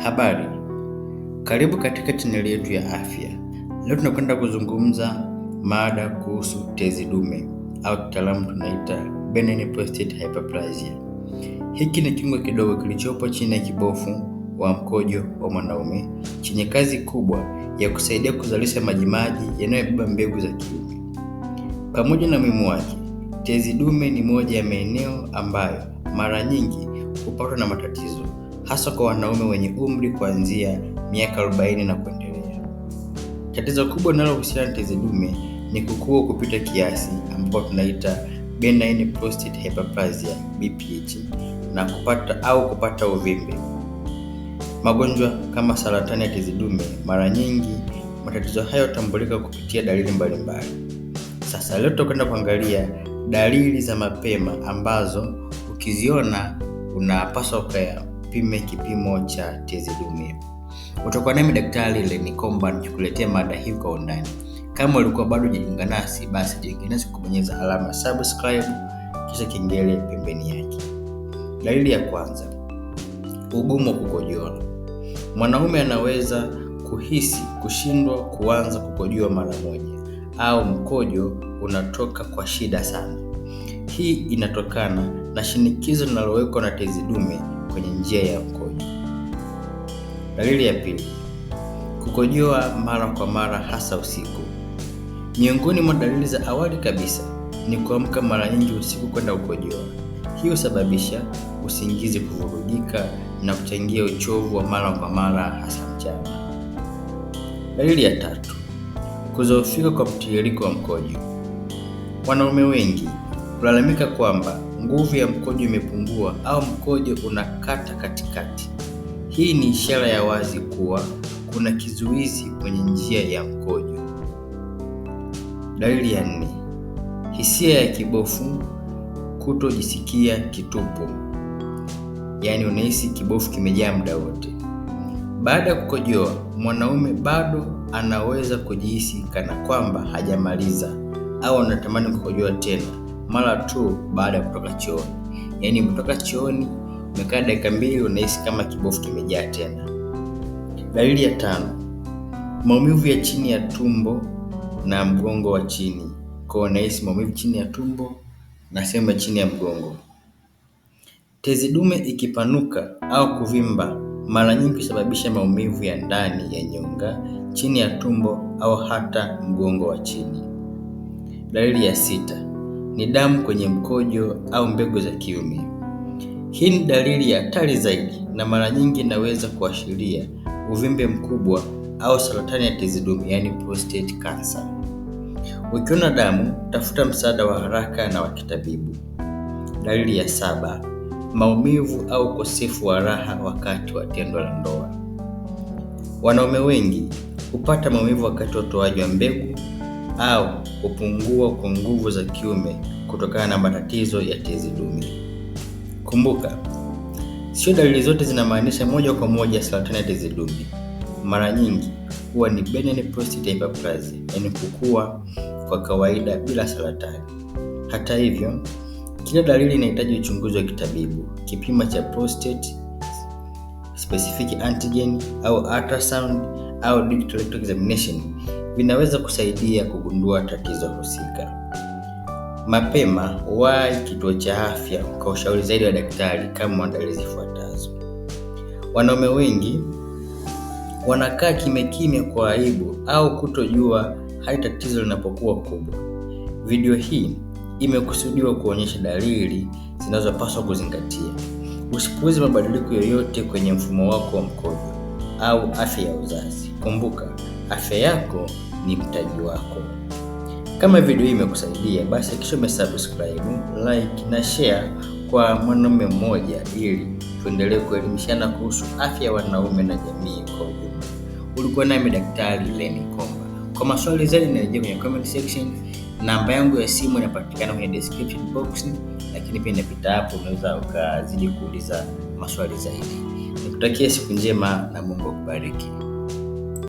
Habari, karibu katika chaneli yetu ya afya. Leo tunakwenda kuzungumza mada kuhusu tezi dume au kitaalamu tunaita benign prostatic hyperplasia. Hiki ni kiungo kidogo kilichopo chini ya kibofu wa mkojo wa mwanaume chenye kazi kubwa ya kusaidia kuzalisha majimaji yanayobeba mbegu za kiume. Pamoja na umuhimu wake, tezi dume ni moja ya maeneo ambayo mara nyingi hupatwa na matatizo hasa kwa wanaume wenye umri kuanzia miaka 40 na kuendelea. Tatizo kubwa linalohusiana na tezi dume ni kukua kupita kiasi ambapo tunaita benign prostate hyperplasia BPH na kupata au kupata uvimbe. Magonjwa kama saratani ya tezi dume, mara nyingi matatizo hayo hutambulika kupitia dalili mbalimbali. Sasa leo tutakwenda kuangalia dalili za mapema ambazo ukiziona unapaswa tupime kipimo cha tezi dume. Utakuwa nami Daktari Lenny Komba mada hii kwa undani. Kama ulikuwa bado hujajiunga nasi, basi jiunge nasi kubonyeza alama subscribe kisha kengele pembeni yake. Dalili ya kwanza, ugumu wa kukojoa. Mwanaume anaweza kuhisi kushindwa kuanza kukojoa mara moja au mkojo unatoka kwa shida sana. Hii inatokana na shinikizo linalowekwa na tezi dume kwenye njia ya mkojo. Dalili ya pili, kukojoa mara kwa mara hasa usiku. Miongoni mwa dalili za awali kabisa ni kuamka mara nyingi usiku kwenda kukojoa. Hii husababisha usingizi kuvurugika na kuchangia uchovu wa mara kwa mara hasa mchana. Dalili ya tatu, kuzoofika kwa mtiririko wa mkojo. Wanaume wengi hulalamika kwamba nguvu ya mkojo imepungua au mkojo unakata katikati. Hii ni ishara ya wazi kuwa kuna kizuizi kwenye njia ya mkojo. Dalili ya nne: hisia ya kibofu, kutojisikia kitupu, yaani unahisi kibofu kimejaa muda wote. Baada ya kukojoa, mwanaume bado anaweza kujihisi kana kwamba hajamaliza au anatamani kukojoa tena mara tu baada ya kutoka chooni. Yaani umetoka chooni, umekaa dakika mbili, unahisi kama kibofu kimejaa tena. Dalili ya tano, maumivu ya chini ya tumbo na mgongo wa chini. Kwa hiyo unahisi maumivu chini ya tumbo na sehemu ya chini ya mgongo. Tezi dume ikipanuka au kuvimba mara nyingi husababisha maumivu ya ndani ya nyonga, chini ya tumbo au hata mgongo wa chini. Dalili ya sita ni damu kwenye mkojo au mbegu za kiume. Hii ni dalili ya hatari zaidi na mara nyingi inaweza kuashiria uvimbe mkubwa au saratani ya tezi dume, yani prostate cancer. Ukiona damu, tafuta msaada wa haraka na wa kitabibu. Dalili ya saba, maumivu au ukosefu wa raha wakati wa tendo la ndoa. Wanaume wengi hupata maumivu wakati wa utoaji wa mbegu au kupungua kwa nguvu za kiume kutokana na matatizo ya tezi dume. Kumbuka, sio dalili zote zinamaanisha moja kwa moja saratani ya tezi dume. Mara nyingi huwa ni benign prostate hyperplasia, yaani kukua kwa kawaida bila saratani. Hata hivyo, kila dalili inahitaji uchunguzi wa kitabibu, kipima cha prostate specific antigen au ultrasound au digital rectal examination vinaweza kusaidia kugundua tatizo husika mapema. Wahi kituo cha afya kwa ushauri zaidi wa daktari kama maandalizi zifuatazo Wanaume wengi wanakaa kimyakimya kwa aibu au kutojua hadi tatizo linapokuwa kubwa. Video hii imekusudiwa kuonyesha dalili zinazopaswa kuzingatia. Usipuuze mabadiliko yoyote kwenye mfumo wako wa mkojo au afya ya uzazi. Kumbuka, Afya yako ni mtaji wako. Kama video hii imekusaidia, basi hakikisha umesubscribe, like na share kwa mwanaume mmoja, ili tuendelee kuelimishana kuhusu afya ya wanaume na jamii kwa ujumla. Ulikuwa nami Daktari Lenny Komba. Kwa maswali zaidi, nirejea kwenye comment section. Namba yangu ya simu inapatikana kwenye description box, lakini pia inapita hapo, unaweza ukazidi kuuliza maswali zaidi. Nikutakia siku njema na Mungu akubariki.